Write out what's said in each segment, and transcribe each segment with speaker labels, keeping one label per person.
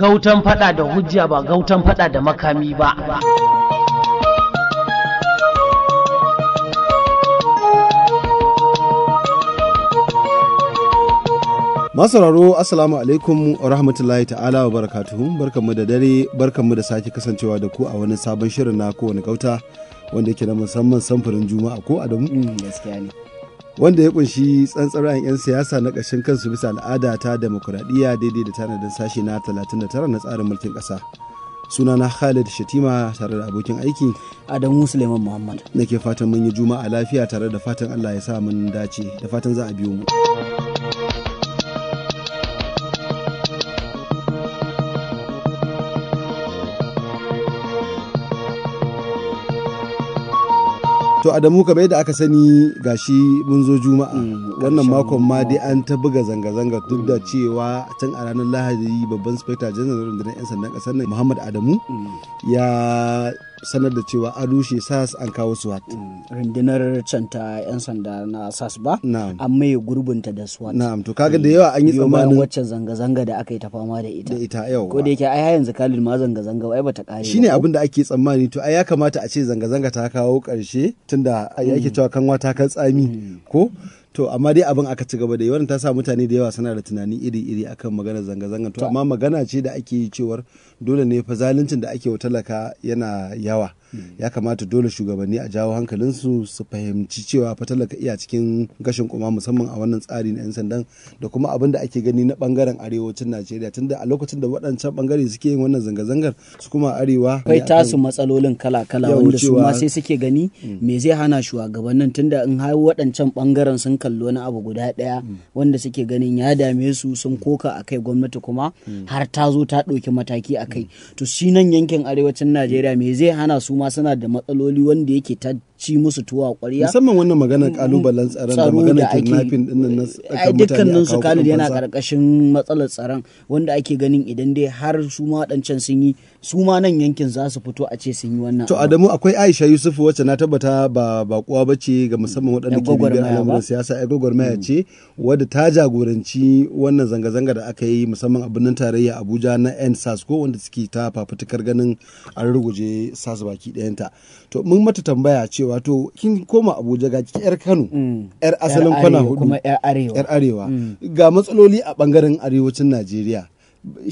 Speaker 1: gautan fada da hujja ba gautan fada da makami ba
Speaker 2: Masararo asalamu alaikum wa rahmatullahi ta'ala wa barakatuhu barkanmu da dare barkanmu da sake kasancewa da ku a wani sabon shirin na kowane gauta wanda yake na musamman samfurin juma'a ko adamu mm, wanda ya kunshi tsantsarayen 'yan siyasa na ƙashin kansu bisa al'ada ta demokuraɗiyya daidai da tanadin sashe na 39 na tsarin mulkin ƙasa sunana khalid shatima tare da abokin aiki adamu suleiman muhammad nake fatan mun yi juma'a lafiya tare da fatan allah ya sa mun dace da fatan za a biyo mu. to adamu kamar yadda aka sani gashi mun zo juma'a mm, wannan makon ma dai an ta buga zanga-zanga duk da mm. cewa can a ranar lahadi babban spectator general rundunar 'yan sandan kasar nan muhammad adamu mm. ya sanar da cewa an rushe sas an kawo swat mm,
Speaker 1: rundunar canta yan sanda na sas ba an maye gurbinta da swat na'am to kaga da eh, yawa an yi tsammanin wacce zanga-zanga da aka yi ta fama da ita da ita yau ko da yake ai yanzu kalin ma zanga-zanga ai bata kare shine abin
Speaker 2: da ake tsammani to ai ya kamata a ce zanga-zanga ta kawo karshe tunda ai ake mm. cewa kanwa ta kan tsami mm. ko to amma dai abin aka ci gaba da yi ta sa mutane da yawa suna da tunani iri-iri akan maganar zanga-zanga to amma magana ce da ake yi cewar dole ne fa zaluncin da ake wa talaka yana yawa ya kamata dole shugabanni a jawo hankalinsu su fahimci cewa fa talaka iya cikin gashin kuma musamman a wannan tsari na 'yan sandan da kuma abin da ake gani na bangaren arewacin najeriya tunda a lokacin da waɗancan
Speaker 1: bangare suke yin wannan zanga-zangar su kuma arewa kai tasu matsalolin kala-kala wanda su ma sai suke gani mm. me zai hana shugabannin tunda in har waɗancan bangaren sun kallo na abu guda ɗaya mm. wanda suke ganin ya dame su sun koka akai gwamnati kuma mm. har ta zo ta ɗauki mataki a kai to shi nan yankin arewacin najeriya me zai hana su kuma suna da matsaloli wanda yake ci musu tuwa ƙwarya musamman wannan magana kalubalen mm, tsaron da magana kidnapping din nan na tsakan mutane su kalid yana karkashin matsalar tsaron wanda ake ganin idan dai har su ma wadancan sun yi su ma nan yankin za su fito a ce sun yi wannan to
Speaker 2: Adamu akwai Aisha Yusuf wacce na tabbata ba kuwa bace ga musamman waɗanda ke bibiyar al'amuran siyasa ai gwagwarmaya mm. ce wadda ta jagoranci wannan zanga-zanga da aka yi musamman a birnin tarayya Abuja na NSAS ko wanda suke ta fafutukar ganin an ruguje SAS baki dayanta to mun mata tambaya cewa wato kin koma Abuja ga cikin yar Kano mm. yar asalin kwana hudu yar arewa mm. ga matsaloli a bangaren arewacin Najeriya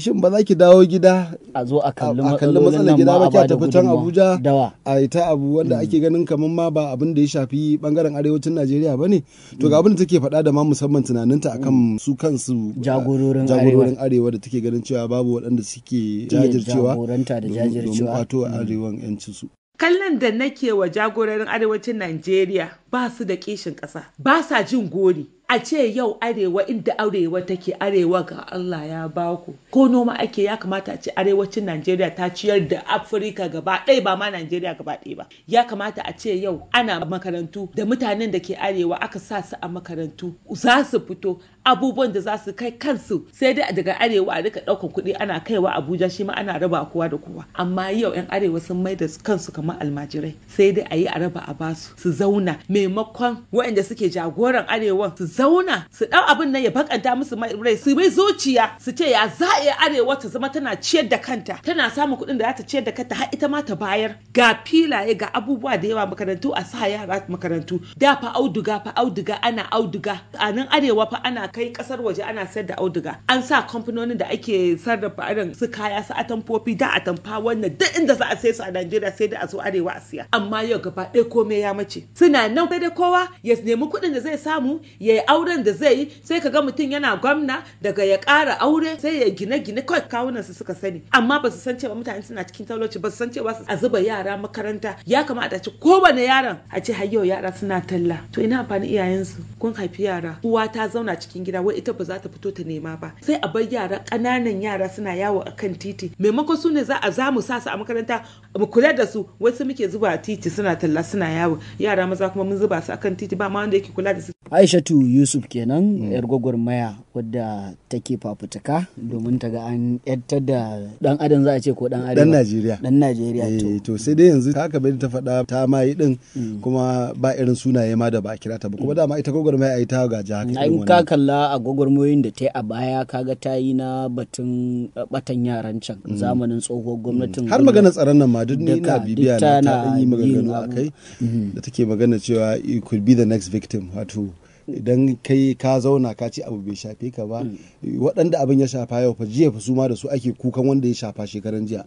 Speaker 2: shin ba za ki dawo gida
Speaker 1: a zo a kalli matsalar gida ba kya tafi can abuja
Speaker 2: a ita abu wanda mm. ake ganin kamar ma ba abin da ya shafi bangaren arewacin najeriya ba ne to ga abin da take faɗa da ma musamman tunaninta akan su kansu eh, jagororin arewa da take ganin cewa babu waɗanda suke jajircewa domin kwato arewan yancin su
Speaker 3: kallon da nake wa jagororin arewacin Najeriya ba su da kishin ƙasa ba sa jin gori a ce yau arewa inda arewa take arewa ga Allah ya baku ko noma ake ya kamata a ce arewacin Najeriya ta ciyar da Afirka gaba ɗaya ba ma Najeriya gaba ɗaya ba ya kamata a ce yau ana makarantu da mutanen da ke arewa aka sa su a makarantu za su fito abubuwan da za su kai kansu sai dai daga arewa a rika ɗaukan kuɗi ana kaiwa abuja shi ma ana raba kowa da kowa amma yau yan arewa sun mai da kansu kamar almajirai sai dai a yi a raba a basu su zauna maimakon waɗanda suke jagoran arewa su zauna su ɗau abin nan ya bakanta musu mai rai su mai zuciya su ce ya za a yi arewa ta zama tana ciyar da kanta tana samun kuɗin da za ta ciyar da kanta har ita ma ta bayar ga filaye ga abubuwa da yawa makarantu a sa yara makarantu da fa auduga fa auduga ana auduga a nan arewa fa ana kai kasar waje ana sayar da auduga an sa kamfanonin da ake sarrafa irin su kaya su atamfofi da atamfa wannan duk inda za a sai su a Najeriya sai da a zo arewa a siya amma yau gaba ɗaya komai ya mace suna nan sai da kowa ya nemi kuɗin da zai samu ya yi auren da zai yi sai ka ga mutum yana gwamna daga ya ƙara aure sai ya gine-gine kawai kawunan su suka sani amma ba su san cewa mutane suna cikin talauci ba su san cewa a zuba yara makaranta ya kamata a ci kowane yaron a ce har yau yara suna talla to ina amfani iyayensu kun haifi yara uwa ta zauna ciki cikin gida wai ita ba za ta fito ta nema ba sai a bar yara ƙananan yara suna yawo a kan titi maimakon su ne za a za mu sa su a makaranta mu kula da su wasu muke zuba a titi suna talla suna yawo yara maza kuma mun zuba su a kan titi ba ma wanda yake kula da su.
Speaker 1: Aishatu Yusuf kenan mm. yar gwagwarmaya wadda take fafutuka domin ta ga an yadda da dan adam za a ce ko dan adam Dan Najeriya.
Speaker 2: Dan Najeriya eh, to. sai dai yanzu haka bai ta faɗa ta ma yi din mm. kuma ba irin sunaye ma da ba a kira ta ba kuma mm. dama ita gwagwarmaya ai ta gaji haka. in ka
Speaker 1: kalla kula a gwagwarmoyin da ta yi a baya kaga ta yi na batun batan eh, yaran can mm. zamanin tsohuwar mm. gwamnatin har magana tsaron nan ma duk ina bibiya na ta yi maganganu
Speaker 2: akai mm-hmm. da take magana cewa you could be the next victim wato idan kai ka zauna ka ci abu bai shafe ka ba mm. waɗanda abin ya shafa yau fa jiya fa su ma da su ake kukan
Speaker 1: wanda ya shafa shekaran jiya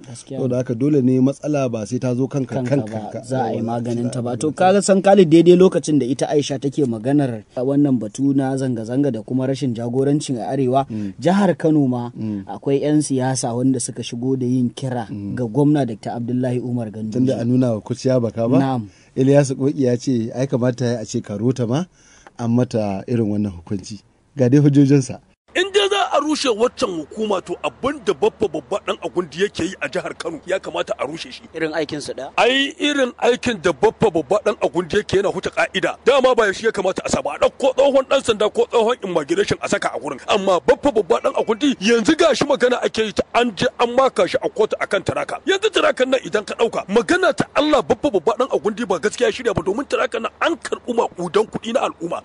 Speaker 1: da haka dole ne matsala ba sai ta zo kanka kanka za a yi maganin ta ba to kaga san kali daidai lokacin da ita Aisha take maganar wannan batu na zanga-zanga da kuma rashin jagorancin a arewa mm. jihar Kano ma mm. akwai 'yan siyasa wanda suka shigo da yin kira ga gwamna Dr. Abdullahi Umar Ganduje tunda a nuna wa
Speaker 2: kuciya baka ba Ilyasu Koki ya ce ai kamata a ce karota ma an mata irin wannan hukunci ga dai hujjojinsa
Speaker 4: rushe waccan hukuma to abin da babba babba dan agundi yake yi a jihar Kano ya kamata a rushe shi irin aikin sa da ai irin aikin da babba babba dan agundi yake yana huta ka'ida dama ba shi ya kamata a saba a dauko tsohon dan sanda ko tsohon immigration a saka a gurin amma babba babba dan agundi yanzu gashi magana ake yi ta an je an maka shi a kotu akan taraka yanzu tarakan nan idan ka dauka magana ta Allah babba babba dan agundi ba gaskiya shirya ba domin tarakan nan an karbu makudan kudi na al'umma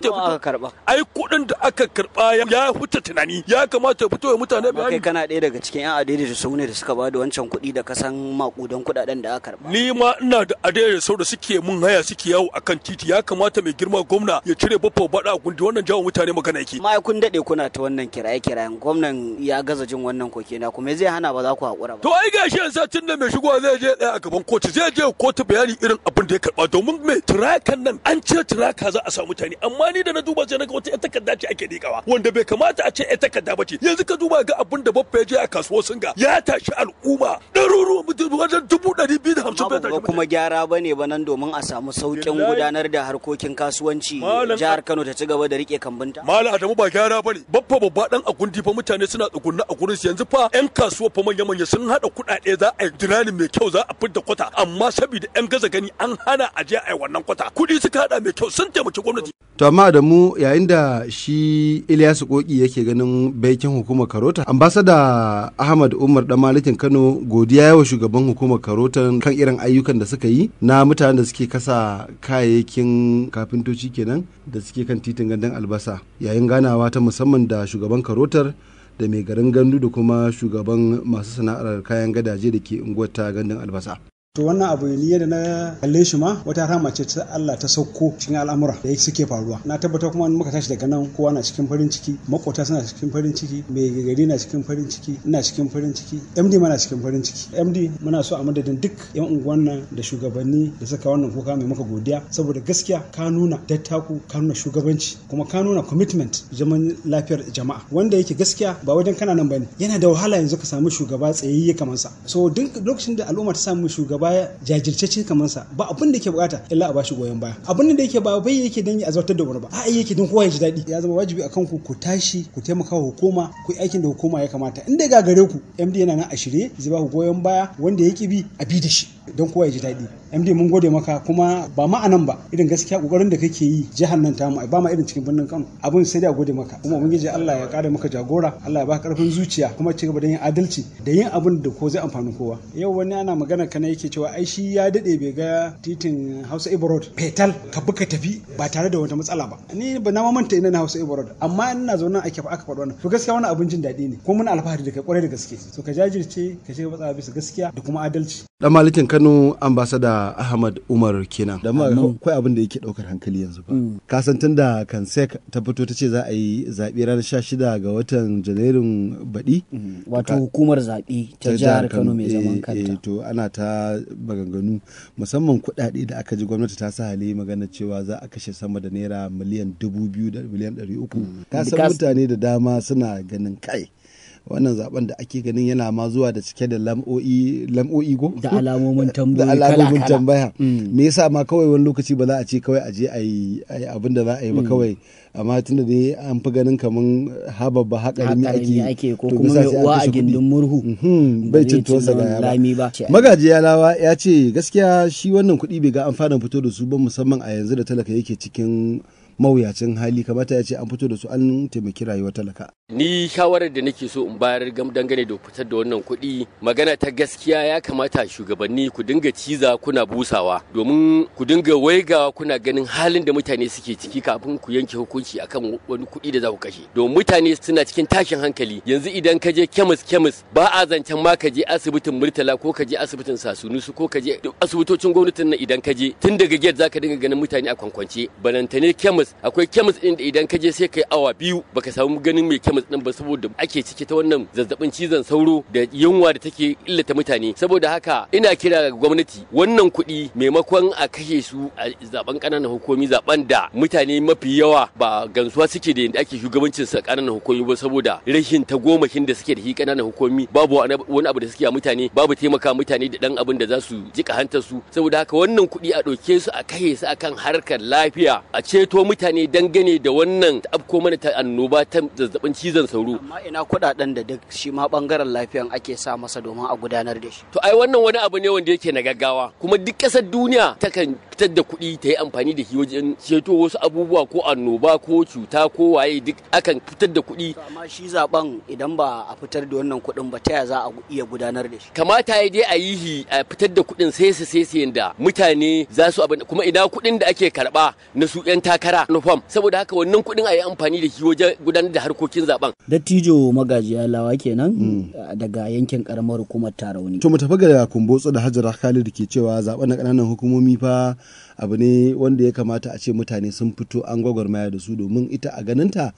Speaker 4: ai kuɗin da aka karba ya huta tunani ya kamata ba ta fito mutane bayani kai
Speaker 1: kana ɗaya daga cikin yan da su ne da suka ba da wancan kuɗi da kasan makudan kuɗaɗen da aka
Speaker 4: karɓa ni ma ina da adaidaita sau da suke mun haya suke yawo akan titi ya kamata mai girma gwamna ya cire baffa bada gundi wannan jawo mutane magana yake ma kun daɗe
Speaker 1: kuna ta wannan kiraye kirayen gwamnan ya gaza jin wannan koke na kuma zai hana ba za ku haƙura ba
Speaker 4: to ai gashi yanzu tun da mai shigowa zai je ɗaya a gaban kotu zai je kotu bayani irin abin da ya karɓa domin me. tirakan nan an ce tiraka za a samu mutane amma ni da na duba sai na ga wata takarda ce ake dikawa wanda bai kamata a ce ita takarda ba ce yanzu ka duba ga abin da babba ya je a kasuwar singa ya tashi al'umma ɗaruruwan mutum wajen dubu ɗari biyu da hamsin bai tashi
Speaker 1: kuma gyara ba ne ba nan domin a samu sauƙin gudanar da harkokin kasuwanci jihar Kano ta ci gaba da rike kambinta
Speaker 4: malam Adamu ba gyara ba ne babba babba dan gundi fa mutane suna tsugunna a gurin yanzu fa yan kasuwa fa manya manya sun hada kuɗaɗe za a yi dirani mai kyau za a fidda kwata amma saboda yan gaza gani an hana a je a yi wannan kwata kuɗi suka hada mai kyau sun taimaki
Speaker 2: gwamnati to amma da yayin da shi Ilyasu Koki yake ganin baikin kakakin hukumar karota ambasada ahmad umar dan malikin kano godiya yawa shugaban hukumar karotan kan irin ayyukan da suka yi na mutanen da suke kasa kayayyakin kafintoci kenan da suke kan titin gandun albasa yayin ganawa ta musamman da shugaban karotar da mai garin gandu da kuma shugaban masu sana'ar kayan gadaje da ke unguwar ta gandun albasa
Speaker 5: to wannan abu ne yadda na kalle shi ma wata ta mace ta Allah ta sauko cikin al'amura da suke faruwa na tabbata kuma muka tashi daga nan kowa na cikin farin ciki makota suna cikin farin ciki mai gari na cikin farin ciki ina cikin farin ciki MD mana cikin farin ciki MD muna so a madadin duk yan unguwan nan da shugabanni da suka wannan kuka mai maka godiya saboda gaskiya ka nuna dattaku ka nuna shugabanci kuma ka nuna commitment zaman lafiyar jama'a wanda yake gaskiya ba wajen kana nan bane yana da wahala yanzu ka samu shugaba tsayayye kamar sa so duk lokacin da al'umma ta samu shugaba baya jajirtacce kamar sa ba abin da yake bukata illa a bashi goyon baya abin da yake ba bai yake dan ya azartar da wani ba a'a yake dan kowa ya ji daɗi ya zama wajibi akan ku ku tashi ku taimaka wa hukuma ku yi aikin da hukuma ya kamata inda ga gare ku MD yana nan a shirye zai ba ku goyon baya wanda ya ki bi a bi da shi don kowa ya ji daɗi md mun gode maka kuma ba ma ba irin gaskiya kokarin da kake yi jihar nan tamu ba ma irin cikin birnin kano abin sai da gode maka kuma ubangiji Allah ya kare maka jagora Allah ya baka karfin zuciya kuma ci gaba da yin adalci da yin abin da ko zai amfani kowa yau wani ana magana kana yake cewa ai shi ya dade bai ga titin Hausa Ibrod petal ka buka tafi ba tare da wata matsala ba ni ba na mamanta ina na Hausa Ibrod amma ina zaune a fa aka faɗi wannan to gaskiya wani abin jin daɗi ne kuma mun alfahari da kai kware da gaske so ka jajirce ka shiga matsa bisa gaskiya da kuma adalci
Speaker 2: dan malikin Kano ambasada Ahmad Umar kenan. Da ma kai abin da yake daukar hankali yanzu ba. Mm. Ka san tunda Kansek ta fito ta ce za a yi zaɓe ranar 16 ga watan Janairun baɗi.
Speaker 1: Mm. Wato hukumar zaɓe ta jihar Kano mai zaman eh, eh,
Speaker 2: kanta. to ana ta maganganu musamman kuɗaɗe da aka ji gwamnati ta sa hali magana cewa za a kashe sama da naira miliyan dubu biyu da miliyan ɗari uku. Mm. Ka san mutane da dama suna ganin kai. wannan zaben da ake ganin yana ma zuwa da cike da lam'o'i lam'o'i go da alamomin tambaya da alamomin tambaya me yasa ma kawai wani lokaci ba za a ce kawai a je a yi abin da za a yi ba mm. kawai amma tunda dai an fi ganin kaman hababba haƙarami ake ko kuma uwa a gindin
Speaker 1: murhu mm-hmm.
Speaker 2: bai cin tuwansa da rami ba magaji yalawa ya ce gaskiya shi wannan kuɗi bai ga amfanin fito da su ba musamman a yanzu da talaka yake cikin mawuyacin hali kamata ya ce an fito da su an taimaki rayuwar talaka.
Speaker 6: Ni shawarar da nake so in bayar gam dangane da fitar da wannan kuɗi magana ta gaskiya ya kamata shugabanni ku dinga ciza kuna busawa domin ku dinga waigawa kuna ganin halin da mutane suke ciki kafin ku yanke hukunci akan wani kuɗi da za ku kashe. Domin mutane suna cikin tashin hankali yanzu idan ka je kemis kemis ba a zancen ma ka je asibitin Murtala ko ka je asibitin Sasunusu ko ka je asibitocin gwamnatin nan idan ka je tun daga gate zaka dinga ganin mutane a kwankwance balantane kemis kemis akwai kemis din da idan ka je sai kai awa biyu baka samu ganin mai kemis din ba saboda ake ciki ta wannan zazzabin cizon sauro da yunwa da take illata mutane saboda haka ina kira ga gwamnati wannan kuɗi maimakon a kashe su a zaben ƙananan hukumi zaben da mutane mafi yawa ba gansuwa suke da yadda ake shugabancin sa ƙananan hukumi ba saboda rashin tagomashin da suke da shi ƙananan hukumi babu wani abu da suke a mutane babu taimaka mutane da dan abin da za su jika hantar su saboda haka wannan kuɗi a ɗauke su a kashe su akan harkar lafiya a ceto mutane mutane dangane da wannan afko mana ta annoba ta zazzabin cizon sauro amma
Speaker 1: ina kuɗaɗen da duk shi ma bangaren lafiyan ake sa masa domin a gudanar da shi
Speaker 6: to ai wannan wani abu ne wanda yake na gaggawa kuma duk ƙasar duniya takan fitar da kuɗi ta yi amfani da shi wajen ceto wasu abubuwa ko annoba ko cuta ko waye duk akan fitar da kuɗi. Amma shi zaben idan ba a fitar da wannan kuɗin ba ta za a iya gudanar da shi. Kamata ya dai a yi shi a fitar da kuɗin sai su sai da mutane za su abin kuma ina kuɗin da ake karɓa na su 'yan takara na fam saboda haka wannan kuɗin a yi amfani da shi gudanar da harkokin zaben.
Speaker 1: Dattijo magajiya lawa kenan mm. daga yankin karamar hukumar Tarauni. To mu tafi ga kumbotso da Hajara Khalid ke cewa zaben na ƙananan hukumomi fa
Speaker 2: abu ne wanda ya kamata a ce mutane sun fito an gwagwarmaya da su domin ita a ganinta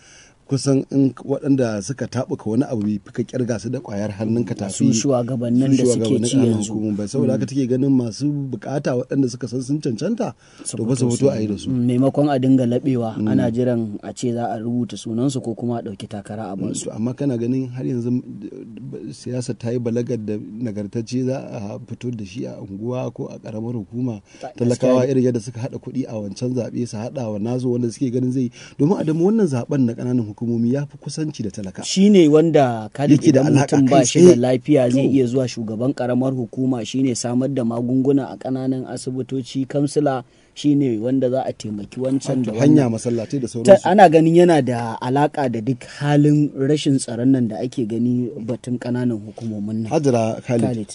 Speaker 2: kusan in waɗanda suka taɓuka wani abu bai kirga su da ƙwayar ka tafi su shugabannin da suke ci yanzu bai saboda haka mm.
Speaker 1: take ganin masu bukata waɗanda suka san sun cancanta to ba su hoto a yi su maimakon a dinga labewa mm. ana jiran a ce za a rubuta sunan su ko kuma a ɗauki takara a mm, bansu amma kana ganin har yanzu eh, siyasa ta yi balagar da
Speaker 2: nagartacce za a fito da shi a unguwa ko a karamar hukuma talakawa irin yadda suka haɗa kuɗi a wancan zaɓe su haɗa wa nazo wanda suke ganin zai domin a wannan zaben na ƙananan hukumomi ya fi kusanci da talaka
Speaker 1: shine wanda kada idan mutum ba shi da lafiya zai iya zuwa shugaban karamar hukuma shine samar da magunguna a kananan asibitoci kamsila shine wanda za a taimaki wancan da hanya masallatai da sauransu ana ganin yana da alaka da duk halin rashin tsaron nan da ake gani batun kananan hukumomin nan Khalid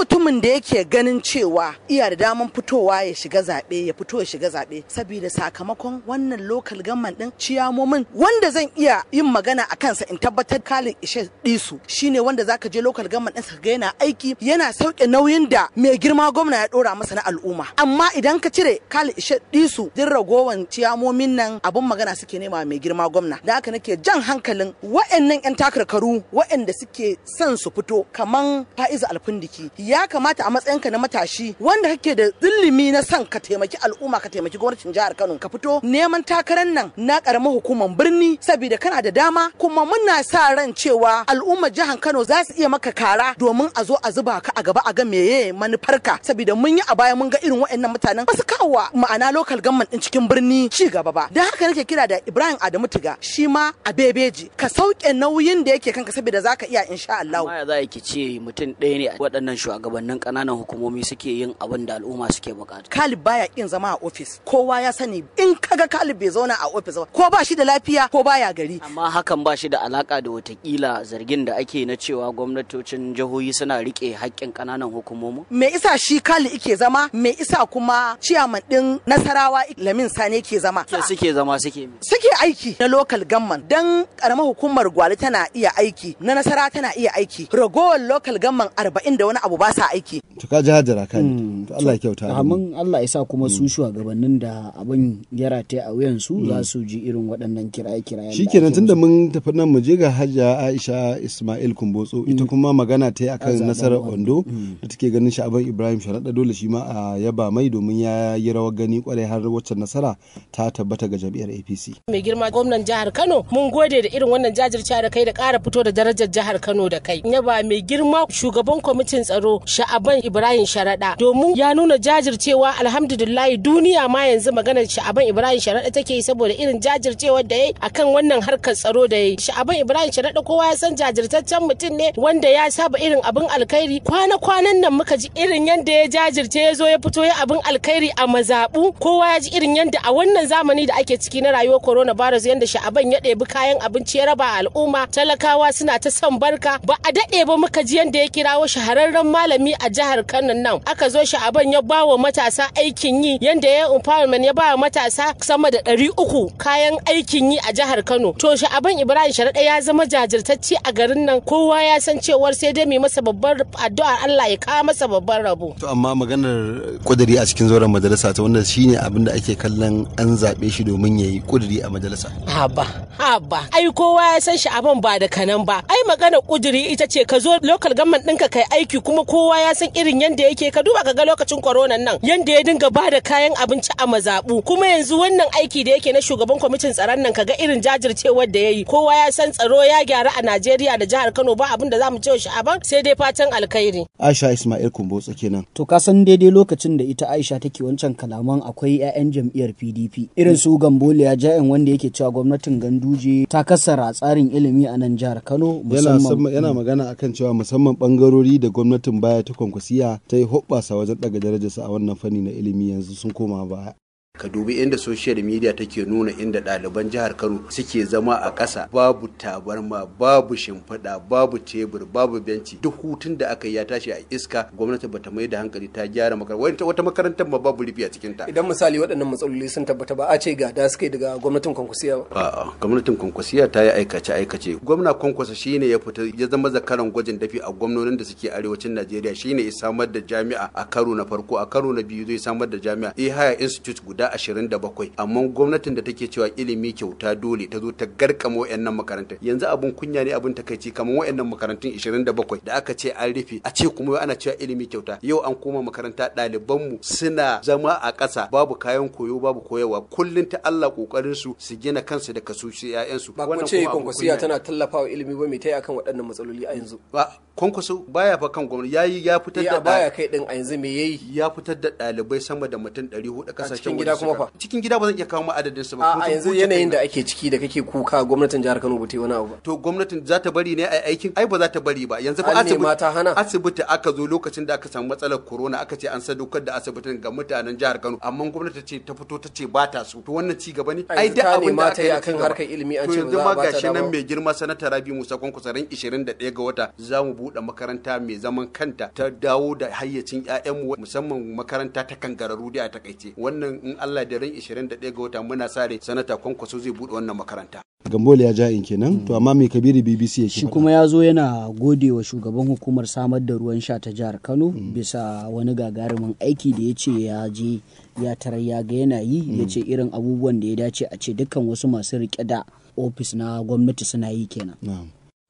Speaker 7: mutumin da yake ganin cewa iya da damar fitowa ya shiga zaɓe ya fito ya shiga zaɓe saboda sakamakon wannan lokal gamman ɗin ciyamomin wanda zan iya yin magana a kansa in tabbatar kalin ishe ɗisu shine wanda zaka je lokal gamman ɗin ga yana aiki yana sauke nauyin da mai girma gwamna ya ɗora masa na al'umma amma idan ka cire kalin ishe ɗisu din ragowan ciyamomin nan abun magana suke nema mai girma gwamna da haka nake jan hankalin wa'annan 'yan takarkaru wa'anda suke son su fito kaman fa'iza alfundiki ya kamata a matsayinka na matashi wanda kake da ilimi na son ka taimaki al'umma ka taimaki gwamnatin jihar Kano ka fito neman takarar nan na karamar hukumar birni saboda kana da dama kuma muna sa ran cewa al'umma jihar Kano za su iya maka kara domin a zo a zuba ka a gaba a ga meye manufarka saboda mun yi a baya mun ga irin waɗannan mutanen ba su kawo ma'ana local government din cikin birni ci gaba ba dan haka nake kira da Ibrahim Adamu Tiga shi ma a bebeji ka sauke nauyin da yake kanka saboda zaka iya insha Allah
Speaker 1: amma ya za ki ce mutum ɗaya ne waɗannan shugabannin kananan hukumomi suke yin abin da al'umma suke bukata.
Speaker 7: Kalib baya kin zama a ofis kowa ya sani in kaga Kalib bai zauna a ofis ba ko ba shi da lafiya ko baya gari.
Speaker 1: Amma hakan ba shi da alaka da watakila zargin da ake na cewa gwamnatocin jihohi suna rike haƙƙin ƙananan hukumomi.
Speaker 7: Me isa shi Kali ike zama me isa kuma ciyaman ɗin Nasarawa Lamin Sani ke zama. Ke suke zama suke. Suke aiki na lokal gamman dan karamar hukumar gwali tana iya aiki na Nasara tana iya aiki ragowar local gamman arba'in da wani abu ba sa aiki
Speaker 2: to ka ji kan hmm, to Allah ya kyauta
Speaker 1: amin Allah ya sa kuma su hmm. shugabannin da abin yara ta a wuyan su za hmm. su ji irin waɗannan kiraye kiraye shikenan
Speaker 2: tunda mun tafi nan mu je ga Hajja Aisha Ismail Kumbotso ita kuma magana ta yi akan nasarar Ondo da take ganin abin Ibrahim Sharaɗa dole shi ma a yaba mai domin ya yi rawar gani kwarai har wacce nasara ta tabbata ga jam'iyyar APC
Speaker 8: mai girma gwamnan jihar Kano mun gode da irin wannan jajircewa da kai da ƙara fito da darajar jihar Kano da kai yaba mai girma shugaban kwamitin tsaro Sha'aban Ibrahim Sharaɗa domin ya nuna jajircewa alhamdulillahi duniya ma yanzu maganar Sha'aban Ibrahim Sharaɗa take yi saboda irin jajircewar da yayi akan wannan harkar tsaro da yayi Sha'aban Ibrahim Sharaɗa kowa ya san jajirtaccen mutum ne wanda ya saba irin abin alkhairi kwana kwanan nan muka ji irin yadda ya jajirce ya zo ya fito ya abin alkhairi a mazabu kowa ya ji irin yadda a wannan zamani da ake ciki na rayuwar virus yadda Sha'aban ya ɗebi kayan abinci ya raba al'umma talakawa suna ta son barka ba a daɗe ba muka ji yadda ya kirawo shahararren ma malami a jihar Kano nan aka zo shi aban ya ba wa matasa aikin yi yanda ya empowerment ya ba wa matasa sama da ɗari uku kayan aikin yi a jihar Kano to shi aban Ibrahim Sharaɗa ya zama jajirtacce a garin nan kowa ya san cewar sai dai mai masa babbar addu'a Allah ya kawo masa babbar rabo to
Speaker 2: amma maganar kudiri a cikin zauren majalisa ta wanda shine abin da ake kallon an zaɓe shi domin yayi kudiri a majalisa
Speaker 8: haba haba ai kowa ya san shi aban ba da kanan ba ai magana kudiri ita ce ka zo local government ɗinka kai aiki kuma kowa ya san irin yadda yake ka duba ka ga lokacin corona nan yanda ya dinga ba da kayan abinci a mazabu kuma yanzu wannan aiki da yake na shugaban kwamitin tsaron nan ka ga irin jajircewar da yayi kowa ya san tsaro ya gyara a Najeriya da jihar Kano ba abin da zamu ce shi ban sai dai fatan alkhairi
Speaker 1: Aisha Ismail Kumbotso kenan to ka san daidai lokacin da ita Aisha take wancan kalaman akwai 'ya'yan jam'iyyar PDP irin su Gamboliya Ja'in wanda yake cewa gwamnatin Ganduje ta kassara tsarin ilimi a nan jihar Kano musamman yana
Speaker 2: magana akan cewa musamman bangarori da gwamnatin baya ta kwankwasiya ta yi hoɓɓasa wajen ɗaga darajarsa a wannan fanni na ilimi yanzu sun koma
Speaker 9: baya. ka dubi inda social media take nuna inda ɗaliban jihar kano suke zama a ƙasa babu tabarma babu shimfiɗa babu tebur babu benci duk hutun da aka yi ya tashi a iska gwamnati bata mai da hankali ta gyara makaranta wata makarantar ma babu rufi a cikin ta idan misali waɗannan matsaloli sun tabbata ba a ce ga da suke daga gwamnatin kwankwasiya ba a'a gwamnatin kwankwasiya ta yi aikace aikace gwamna kwankwasa shine ya fita ya zama zakaran gwajin dafi a gwamnonin da suke arewacin najeriya shine ya samar da jami'a a karo na farko a karo na biyu zai samar da jami'a eh haya institute guda guda 27 amma gwamnatin da take cewa ilimi kyauta dole ta zo ta garkama wayannan makarantun yanzu abun kunya ne abun takaici kamar wayannan makarantun 27 da aka ce an rufe a ce kuma ana cewa ilimi kyauta yau an koma makaranta ɗalibanmu suna zama a ƙasa babu kayan koyo babu koyarwa kullum ta Allah kokarin su su gina kansu da kasu su ƴaƴansu ba ce kwankwasiya tana tallafawa ilimi ba mai tai akan waɗannan matsaloli a yanzu ba kwankwaso baya fa kan gwamnati yayi ya fitar da baya kai din a yanzu me yayi ya fitar da ɗalibai sama da mutum 400 kasashen waje gida kuma fa cikin gida ba zan iya kawo mu adadin su ba a yanzu yanayin da ake ciki da kake kuka gwamnatin jihar Kano bute wani abu ba to gwamnatin za ta bari ne ai aikin ai ba za ta bari ba yanzu fa asibiti asibiti aka zo lokacin da aka samu matsalar corona aka ce an sadaukar da asibitin ga mutanen jihar Kano amma gwamnati ce ta fito ta ce ba ta so to wannan ci gaba ne ai da abin da aka yi akan harkar ilimi an ce ba ta gashi nan mai girma sanata Rabi Musa ran 21 ga wata za mu buɗe makaranta mai zaman kanta ta dawo da hayyacin 'ya'yanmu musamman makaranta ta kangararu da a takaice wannan in Allah da ran 21 ga wata muna sare sanata kwankwaso zai buɗe wannan makaranta
Speaker 1: gambole ya ja'in kenan to amma mai kabiri bbc ya shi kuma ya zo yana gode wa shugaban hukumar samar da ruwan sha ta jihar kano mm. bisa wani gagarumin aiki da ya ce ya je ya tarar ya ga yana yi ya mm. ce irin abubuwan da ya dace a ce dukkan wasu masu rike da ofis na gwamnati suna yi kenan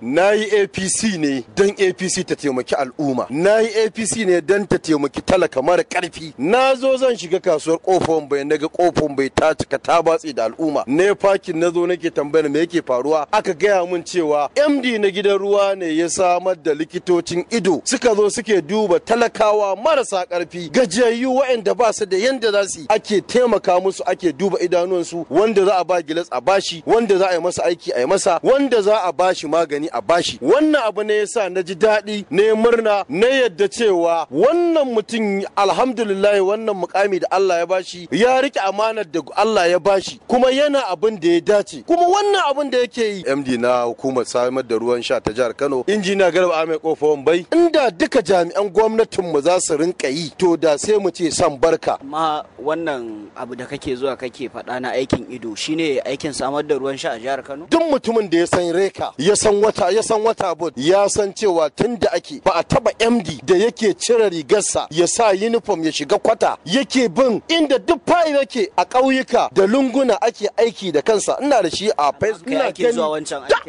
Speaker 10: na yi apc ne don apc ta taimaki al'umma na yi apc ne don ta taimaki talaka mara karfi na zo zan shiga kasuwar kofon bai naga kofon bai ta cika ta batse da al'umma ne fakin na zo nake tambayar me yake faruwa aka gaya mun cewa md na gidan ruwa ne ya samar da likitocin ido suka zo suke duba talakawa marasa karfi gajiyayyu waɗanda ba su da yanda za su ake taimaka musu ake duba idanuwansu wanda za a ba gilas a bashi wanda za a yi masa aiki a yi masa wanda za a bashi magani a bashi wannan abu ne yasa na ji daɗi ne murna na yadda cewa wannan mutum alhamdulillah wannan mukami da Allah ya bashi ya rike amanar da Allah ya bashi kuma yana abin da ya dace kuma wannan abin da yake yi MD na hukumar samar da ruwan sha ta jihar Kano injiniya Garba Ahmed Kofawan Bai inda duka jami'an gwamnatin mu za su rinka yi to da sai mu ce san barka amma
Speaker 1: wannan abu da kake zuwa kake faɗa na aikin ido shine aikin samar da ruwan sha a jihar Kano
Speaker 10: duk mutumin da ya san reka ya san wata wata ya san wata bud ya san cewa tun da ake ba a taba md da yake cire rigarsa ya sa uniform ya shiga kwata yake bin inda duk fa'i yake a ƙauyuka da lunguna ake aiki da kansa ina da shi a facebook ina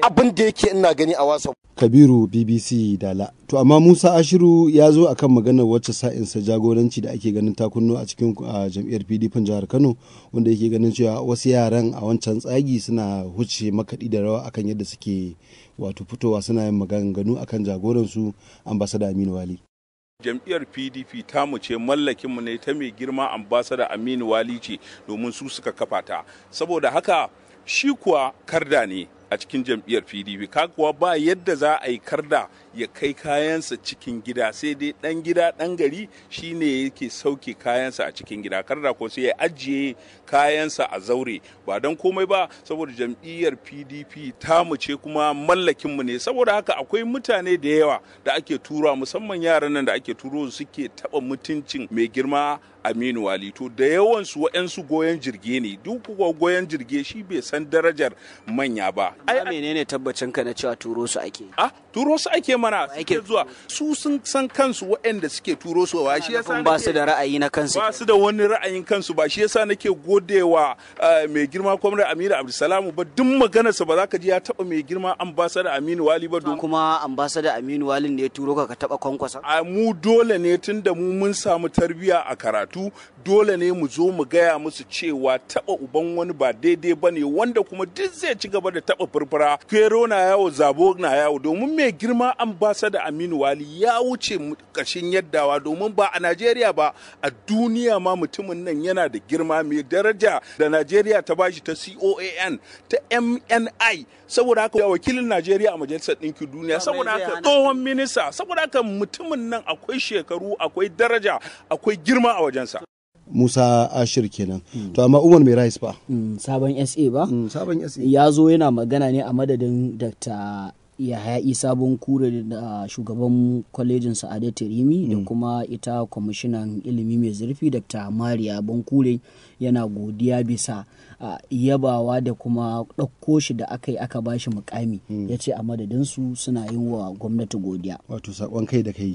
Speaker 10: abin da yake ina gani a wasa
Speaker 2: kabiru bbc dala to amma musa ashiru ya zo akan maganar wacce sa'insa jagoranci da ake ganin takunno a cikin jam'iyyar pdp jihar kano wanda yake ganin cewa wasu yaran a wancan tsagi suna huce makaɗi da rawa akan yadda suke wato fitowa suna yin maganganu akan jagoransu ambasada aminu wali
Speaker 11: jam'iyyar pdp ta mu ce mallakinmu ne ta mai girma ambasada aminu wali ce domin su suka kafa ta saboda haka shi kuwa karda ne a cikin jam'iyyar pdp kuwa ba yadda za a yi karda ya kai kayansa cikin gida sai dai dan gida dan gari shine yake sauke kayansa a cikin gida karda ko sai ya ajiye kayansa a zaure ba don komai ba saboda jam'iyyar pdp ta ce kuma mallakinmu ne saboda haka akwai mutane da yawa da ake tura musamman yaran nan da ake turo suke taba mutuncin mai girma aminu wali to da yawansu waɗansu goyon jirge ne duk kuwa goyon jirge shi bai san darajar manya ba ai menene tabbacin ka na cewa turo su ake a ah, turo su ake mana suke zuwa su sun san kansu waɗanda suke turo su ba shi yasa ba su da ra'ayi na kansu ba su da wani ra'ayin kansu ba shi yasa nake godewa eh, mai girma kwamrar Aminu Abdulsalam ba duk magana sa ba za ka ji ya taba mai girma ambassador Aminu Wali ba don kuma ambassador Aminu Wali ne ya turo ka ka taba kwankwasa a mu dole ne tunda mu mun samu tarbiyya a karatu dole ne mu zo mu gaya musu cewa taba uban wani ba daidai ba ne wanda kuma duk zai ci gaba da taba furfura kwero na yawo zabo na yawo domin mai girma an da aminu wali ya wuce kashin yaddawa domin ba a najeriya ba a duniya ma mutumin nan yana da girma mai daraja da najeriya ta bashi ta coan ta mni saboda haka wakilin najeriya a majalisar ɗinkin duniya saboda haka tsohon minista saboda haka mutumin nan akwai shekaru akwai daraja akwai girma a wajensa
Speaker 1: musa ashir kenan to amma umar mai rice mm, ba mm, sabon sa ba sabon sa ya zo yana magana ne a madadin dr yahaya sabon kure da shugaban kwalejin sa'adat rimi da mm. kuma ita kwamishinan ilimi mai zurfi dr mariya bankure yana godiya bisa yabawa da kuma ɗauko shi da aka yi aka ba shi mukami ya ce a madadinsu suna yin wa gwamnati godiya wato saƙon kai da kai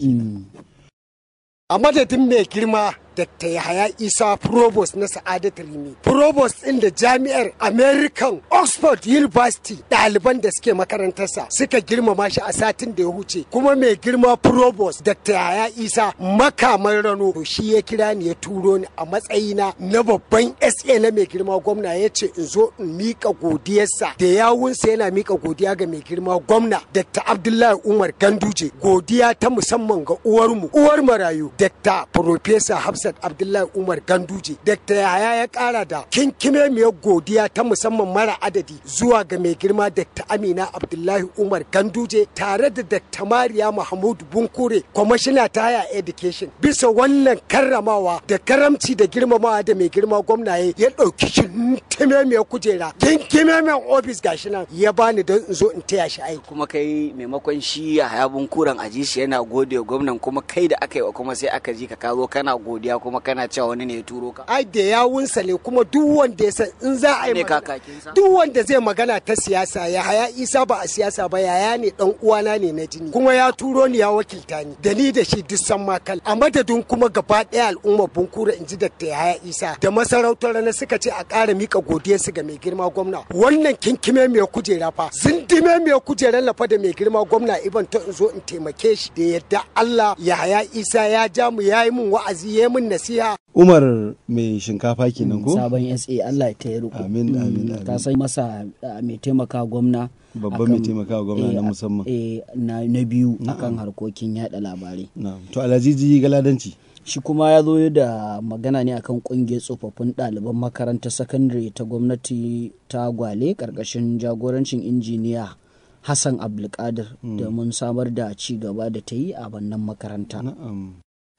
Speaker 12: a madadin mai girma Dr. Yahaya Isa Provost na Sa'adatu Rimi. Provost ɗin da jami'ar American Oxford University ɗaliban da suke makarantarsa suka girmama shi a satin da ya huce kuma mai girma Provost Dr. Yahaya Isa makaman rano to shi ya kira ni ya turo ni a matsayina na babban SA na mai girma gwamna ya ce in zo in mika godiyarsa da yawunsa yana mika godiya ga mai girma gwamna Dr. Abdullahi Umar Ganduje godiya ta musamman ga uwarmu uwar marayu Dr. Professor Hafsa Hafsat Abdullahi Umar Ganduje. da Yaya ya kara da kinkime mai godiya ta musamman mara adadi zuwa ga mai girma Dakta Amina Abdullahi Umar Ganduje tare da Dakta Mariya Mahmud Bunkure kwamashina ta haya education bisa wannan karramawa da karamci da girmamawa da mai girma gwamna ya ɗauki kinkime mai kujera kinkime mai ofis gashi nan ya bani don in zo in taya shi ai
Speaker 1: Kuma kai maimakon shi Yahaya Bunkuren aji yana gode gwamnan kuma kai da aka yi wa kuma sai aka ji ka kazo kana godiya kuma kana cewa wani ne ya turo ka
Speaker 12: ai da yawunsa ne kuma duk wanda ya in za a yi magana duk wanda zai magana ta siyasa ya haya isa ba a siyasa ba ya ya ne dan uwana ne na jini kuma ya turo ni ya wakilta ni da ni da shi duk san makal a madadin kuma gaba daya al'umma bunkura in ji da ta yaya isa da masarautar na suka ce a ƙara mika godiya su ga mai girma gwamna wannan kinkime mai kujera fa zindime mai kujerar lafa da mai girma gwamna iban ta in zo in taimake shi da yadda Allah ya haya isa ya ja mu ya yi mun wa'azi ya yi min nasiha
Speaker 1: umar mai shinkafa kenan ko sabon sa allah ta yi amin amin mm, ta san masa mai taimaka gwamna babban mai taimaka gwamna na musamman na biyu akan harkokin yada labarai to alhajiji galadanci shi kuma ya zo da magana ne akan kungiyar tsofaffin ɗaliban makarantar sakandare ta gwamnati ta gwale ƙarƙashin jagorancin injiniya hassan abdulkadir mm. da mun samar da ci gaba da ta yi a wannan makaranta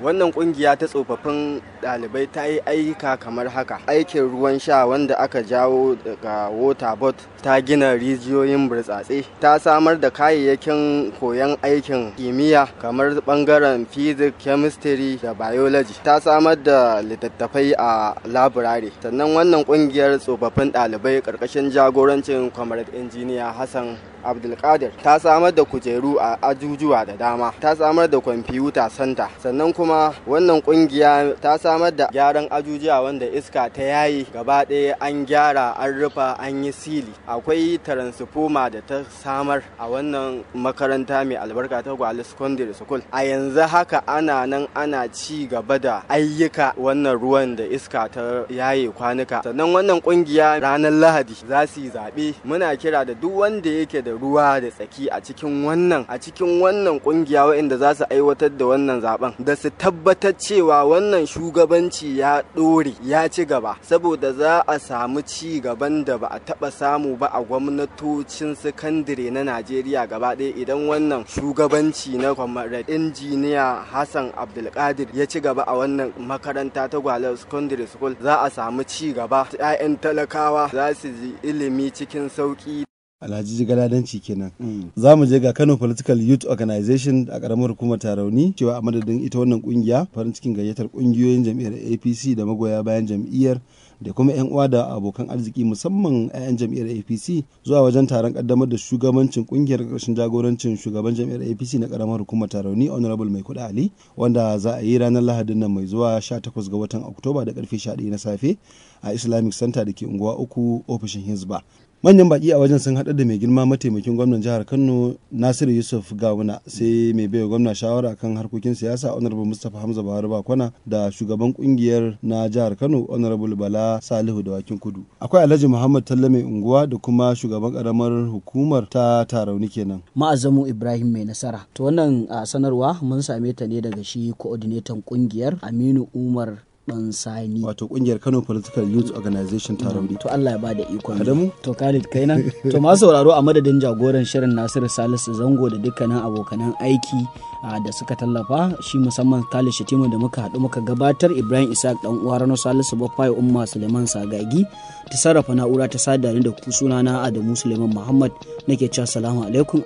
Speaker 13: Wannan kungiya ta tsofaffin ɗalibai ta yi ayyuka kamar haka. Aikin ruwan sha wanda aka jawo daga Waterbot ta gina rijiyoyin burtsatse, ta samar da kayayyakin koyon aikin kimiyya kamar bangaren physics, chemistry da biology. Ta samar da littattafai a laburare. Sannan wannan kungiyar tsofaffin ɗalibai ƙarƙashin jagorancin Comrade Injiniya Hassan abdulkadir ta samar da kujeru a ajujuwa da dama ta samar da kwamfuta santa sannan kuma wannan kungiya ta samar da gyaran ajujuwa wanda iska ta yayi gaba ɗaya an gyara an rufa an yi sili akwai taransifoma da ta samar a wannan makaranta mai albarka ta gwali secondary school a yanzu haka ana nan ana ci gaba da ayyuka wannan ruwan da iska ta yaye kwanuka sannan wannan kungiya ranar lahadi za su yi zaɓe muna kira da duk wanda yake da ruwa da tsaki a cikin wannan a cikin wannan kungiya waɗanda za su aiwatar da wannan zaben da su tabbatar cewa wannan shugabanci ya ɗore ya ci gaba saboda za a samu ci gaban da ba a taɓa samu ba a gwamnatocin sakandire na najeriya gaba ɗaya idan wannan shugabanci na kwamarar injiniya hassan abdulkadir ya ci gaba a wannan makaranta ta gwalar secondary school za a samu ci gaba 'ya'yan talakawa za su ji ilimi cikin sauƙi
Speaker 2: Alhaji Galadanci kenan. Mm. Za mu je ga Kano Political Youth Organization a karamar hukumar Tarauni cewa a madadin ita wannan kungiya farin cikin gayyatar kungiyoyin jam'iyyar APC da magoya bayan jam'iyyar da kuma 'yan uwa da abokan arziki musamman 'yan jam'iyyar APC zuwa wajen taron kaddamar da shugabancin kungiyar ƙarshen jagorancin shugaban jam'iyyar APC na karamar hukumar Tarauni Honorable Mai Kuɗa Ali wanda za a yi ranar Lahadin nan mai zuwa 18 ga watan Oktoba da karfe 11 na safe a Islamic Center da ke unguwa uku ofishin Hisba. manyan baki a wajen sun haɗa da mai girma mataimakin gwamnan jihar kano nasiru yusuf gawuna sai mai baiwa gwamna shawara kan harkokin siyasa honorable mustapha hamza buhari bakwana da shugaban kungiyar na jihar kano honorable bala salihu da wakin kudu akwai alhaji muhammad talle mai unguwa da kuma shugaban karamar hukumar
Speaker 1: ta tarauni kenan ma'azamu ibrahim mai nasara to wannan ah, sanarwa mun same ta ne daga shi coordinator kungiyar aminu umar dan sani wato kungiyar Kano Political Youth Organization Rauni to Allah ya bada ikon Adamu to Khalid kaina to ma sauraro a madadin jagoran shirin Nasiru Salisu Zango da dukkanin abokanan aiki da suka tallafa shi musamman Khalid Shatima da muka haɗu muka gabatar Ibrahim Isaac dan uwa Rano Salisu Bafai Umma Suleiman Sagagi ta sarrafa na'ura ta sada da ku sunana Adamu Suleiman Muhammad nake cewa salamu alaikum